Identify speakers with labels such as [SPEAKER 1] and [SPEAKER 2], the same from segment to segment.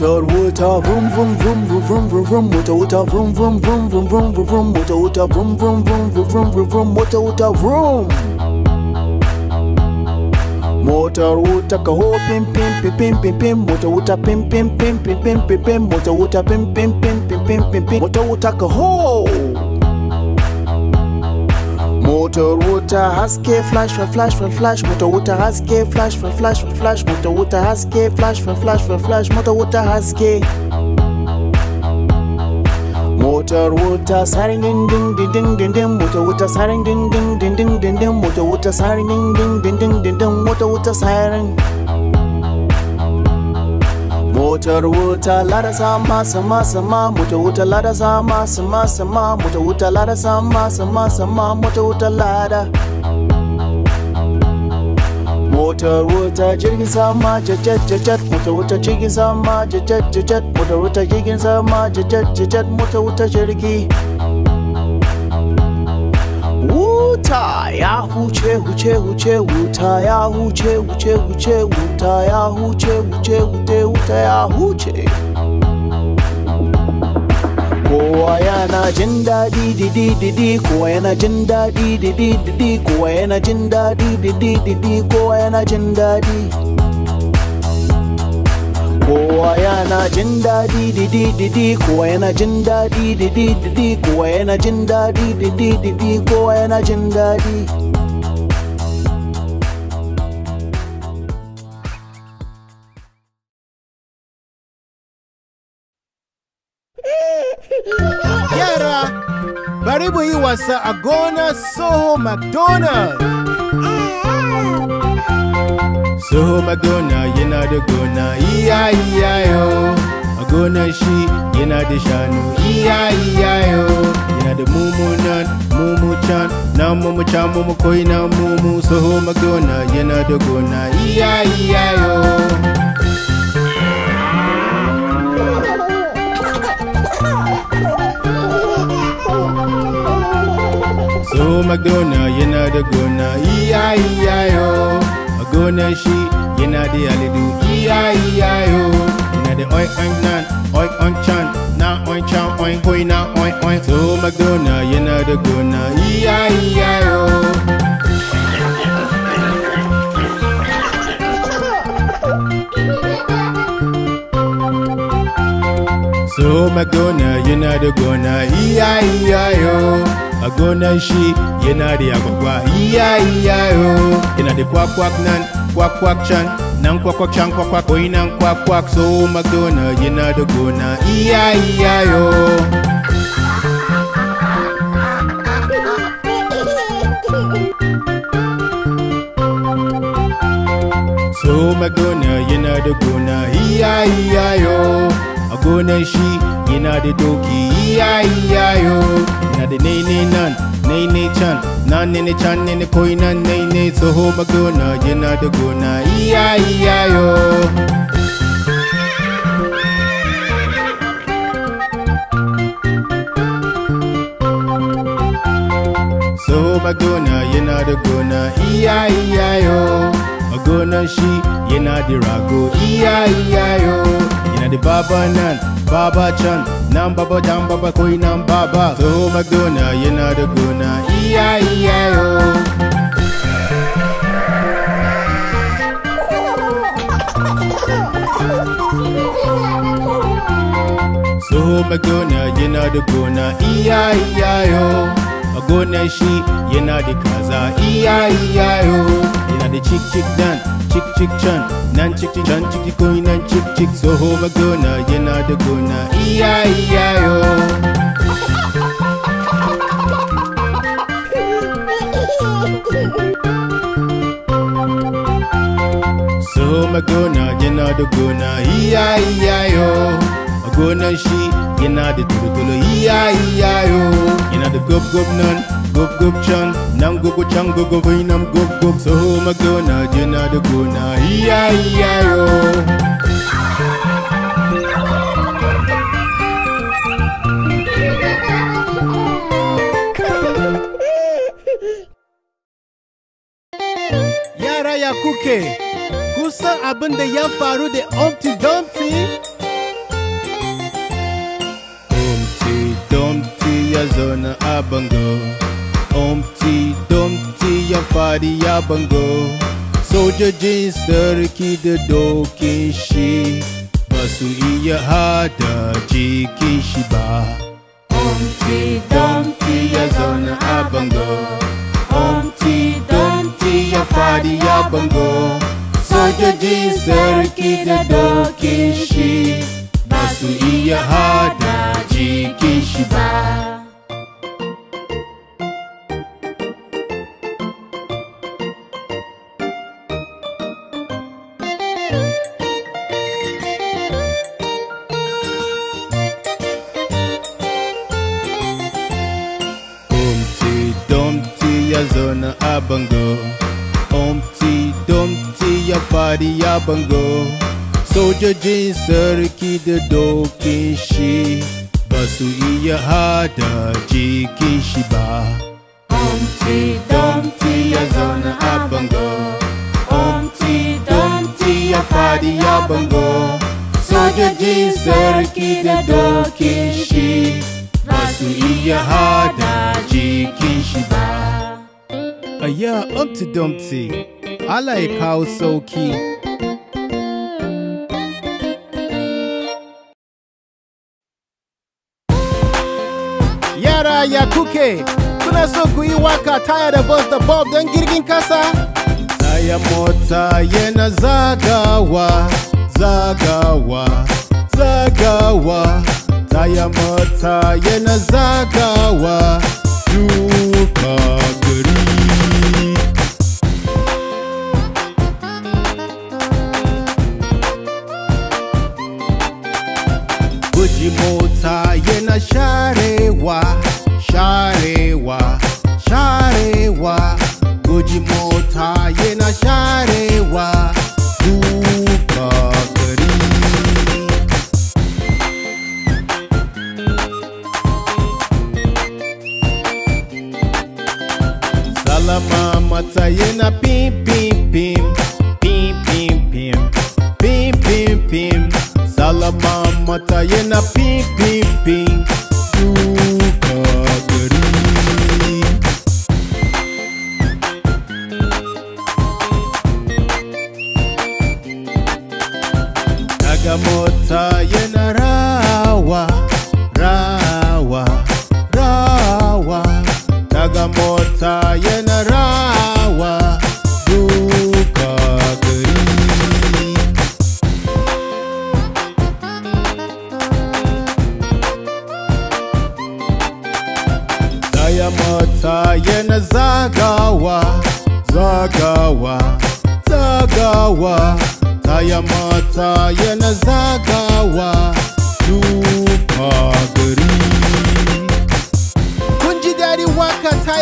[SPEAKER 1] water, water, vroom, vroom, vroom, vroom, vroom, vroom, vroom, water, water, vroom, vroom, vroom, vroom, vroom, vroom, vroom, water, water, vroom, vroom, vroom, vroom, vroom, vroom, vroom, water, water, vroom. Water, water, ho, pim, pim, pim, pim, pim, pim, water, water, pim, pim, pim, pim, pim, pim, pim, water, water, pim, pim, pim, pim, pim, pim, water water, water, ho motor water, haske flash for flash for flash motor water, haske flash for flash for flash motor water, haske flash for flash for flash motor water, haske motar wuta sarin din ding, ding, ding, ding, ding, motar wuta sarin din ding, ding, ding, ding, ding, motar wuta sarin din ding, ding, ding, ding, ding, motar wuta sarin motar wuta lada sama sama sama mota wuta lada sama sama sama mota wuta lada. sama sama sama mota wuta lada motar wuta jirgin sama jajet jajet mota wuta jirgin sama jajet jajet mota wuta jirgin sama jajet jajet mota wuta jirgin. ya huce huce huce wuta ya huce huce huce wuta ya huce huce huce wuta ya huce kowa yana jin daɗi didi didi kowa yana jin daɗi didi didi kowa yana jin daɗi didi didi kowa yana jin daɗi kowa yana jin daɗi didi didi kowa yana jin daɗi didi didi kowa yana jin daɗi didi didi kowa yana jin daɗi
[SPEAKER 2] Yara, bari mu yi wasa a gona Soho McDonald's. Soho Magona yana da gona iya iya yo A gonar shi yana da shanu iya iya yo Yana da mumu nan mumu can na mumu can mumu koi na mumu Soho Magona yana da gona iya iya yo So magona yana da gona iya iya yo gonan shi yana da yalidu iya iya yo yana da oi oi nan oi oi chan na oi chan oi hoi na oi oi so mcdonald yana da gona iya iya yo So my gonna, you know gonna, E-I-E-I-O a gonan shi yana da agwagwa iya iya yo yana da kwak nan kwak can nan kwakwak can kwak koi nan kwak so magona yana da gona iya iya yo So magona yana da gona iya iya yo a gonan shi yana da doki iya iya yo n a d t e nay nay none, nay nay chan, n a n in t h chan in the o i n a n nay nay so h o m a gona, y o n a d e gona, y a h y a h yo. So my gona, y o n o w e gona, E-I-E-I-O. A gona she, y o n o w e rago, E-I-E-I-O. Na di Baba Nan, Baba Chan, Nam Baba Dam Baba Koi Nam Baba. So Magdona, you da the guna, iya i e i o e magona yana da gona iya iya yo gonar shi yana da kaza iya iya yo Yana da cik cik dan chik chik chan nan chik chik chan chik chik koi nan chik chik so ho ma gona yana da gona iya iya yo so ho ma gona yana da gona iya iya yo a gonan shi yana da tulu tulu iya iya yo yana da gob gob nan gob gob chan chang go go chang go go nam go go so ma go na je iya iya yo Yara ya kuke kusan abin da ya faru da Humpty Dumpty umpty Dumpty ya zona a Humpty Dumpty ya fadi ya bango Sojojin sarki da dokin shi Ba su iya hada jikin shi ba Humpty Dumpty ya zauna a bango Humpty Dumpty ya fadi ya bango Sojojin sarki the dokin shi Ba su iya hada jikin shi ba Dumpty ya body ya bango Soja jin sarki da dokin shi Ba su iya hada jikin shi ba Humpty Dumpty ya zauna a bango Humpty Dumpty ya fadi ya bango Sojojin sarki da dokin do kishi, basu iya hada jikin ba Aya umpty Dumpty Allah ya kawo sauki. Yara ya kuke, kuna so ku yi waka taya da bus da bob don girgin kasa? Taya mota yana zagawa, zagawa, zagawa. Taya mota yana zagawa, super wa share wa share wa guji mota yana sharewa duka gari salama mata yana pim pim pim pim pim pim pim pim pim salama mata yana pim pim pim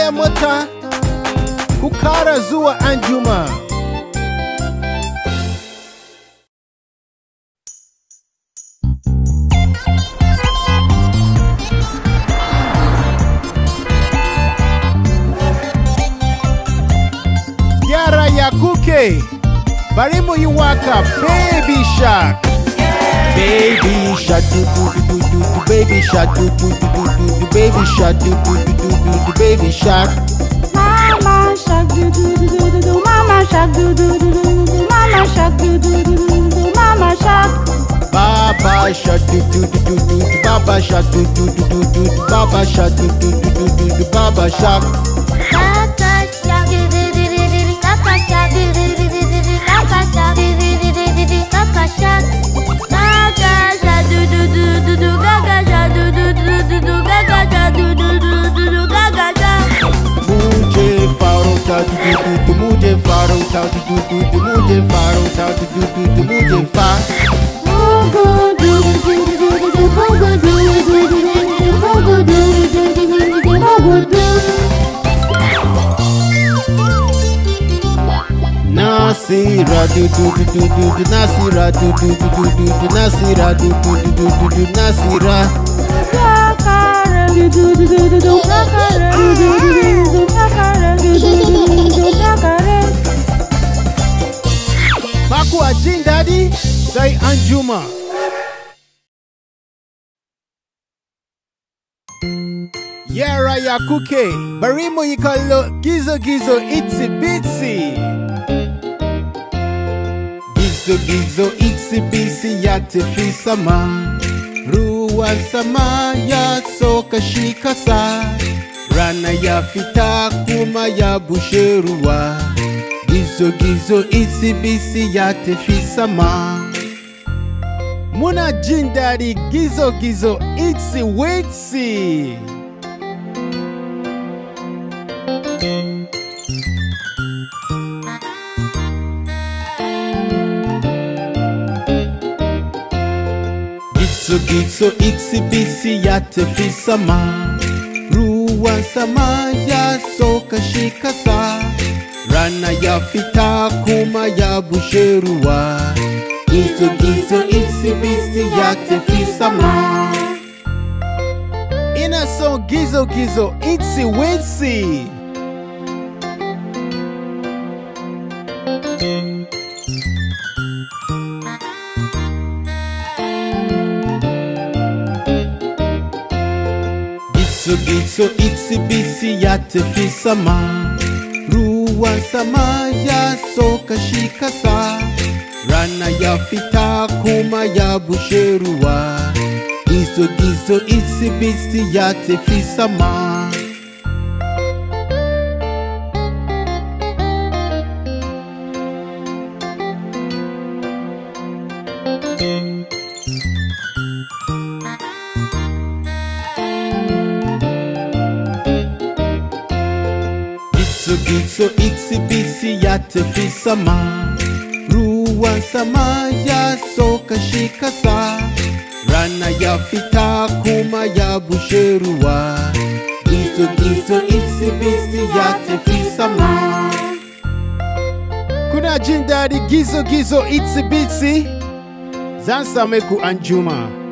[SPEAKER 2] O mota ku kara zuwa anjuma. Yara Yakuke kuke, bari baby shark. Baby shark do do do do do baby shark do do do do do baby shark do do do do do baby shark. Mama shark do do do do do mama shark do do do do do mama shark do do do do do mama shark. Baba shark do do do do do baba shark do do do do do baba shark do do do do do baba shark. tá tu tu tu tu muje faro tá tu tu tu tu muje faro tá tu tu tu tu muje faro Nasira do do do do do do Nasira do do do do do do Nasira do do do do do do Nasira Makwa Jin Daddy, say Anjuma. Yara ya kuke, barimo yikalo, gizo gizo, itzi bitsy. Gizo gizo itsy bitsy ya ma, ruwa sama ya so sa rana ya fita kuma ya busheruwa gizo gizo bisi ya ma muna jindari gizo gizo itsi witsi Sogizo ixibisi ya tefisama Ruwa sama ya soka shikasa Rana ya fita kuma ya busheruwa Gizo gizo ixibisi ya tefisama Ina so gizo gizo itsi witsi so itsibisi yatefi sama ruwan sama ya soka shi rana ya fita kuma ya bushe ruwa iso gizo itsibisi ya tafi sama sama ya soka shi kasa rana ya fita kuma ya bushe ruwa gizo isi bisi ya tafi kuna jindari daɗi gizo gizo itsi bitsi zan same ku anjuma.